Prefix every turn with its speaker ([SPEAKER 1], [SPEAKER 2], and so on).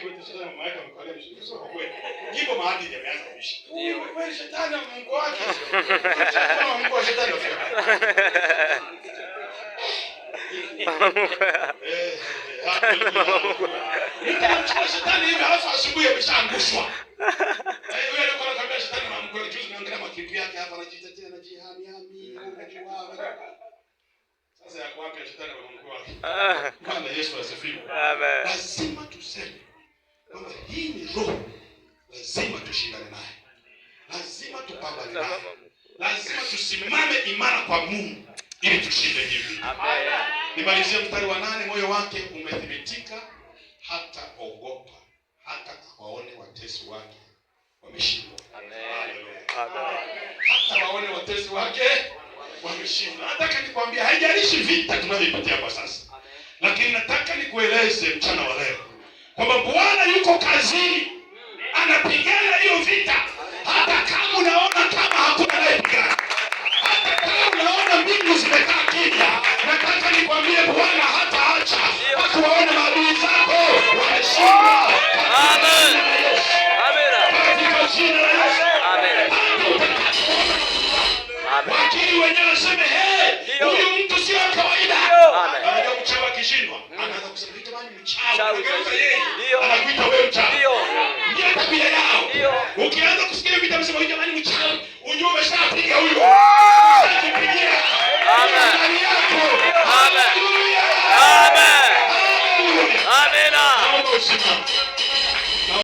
[SPEAKER 1] Hivyo shetani ameweka mkono mshindi. Sio kwa kweli. Jiko maadili yameanza kuishi. Ndio. Kweli shetani ana Mungu wake. Kama Mungu wa shetani ndio. Eh. eh, eh ah. Nikamchukua shetani hivi halafu asubuhi ameshaangushwa. Eh, yule alikuwa anakuambia shetani na Mungu juzi niangalia makipi yake hapa anajitetea na jihami hami. Unajua. Sasa ya kuwapi shetani na Mungu wake. Ah. Bwana Yesu asifiwe. Amen. Lazima tuseme kwamba hii ni roho, lazima tushindane naye, lazima tupambane naye, lazima tusimame imara kwa Mungu ili tushinde hivi. Nimalizie mstari wa nane, moyo wake umethibitika, hata ogopa hata awaone watesi wake wameshindwa, hata waone watesi wake wameshindwa. Nataka nikwambia, haijalishi vita tunavyopitia kwa sasa, lakini nataka nikueleze mchana wa leo kwamba yuko kazini anapigana hiyo vita, hata kama unaona kama hakuna anayepigana, hata kama unaona mbingu zimekaa kimya, nataka nikwambie Bwana hata acha hakuwaona maadui zako wameshinda katika jina la Yesu. Hata utakapoona wakili ukianza kusikia vita msema huyu jamani mchawi, ujue umeshapiga huyu. Umeshapigia.
[SPEAKER 2] Amen. Amen. Amen. Amen. Amen.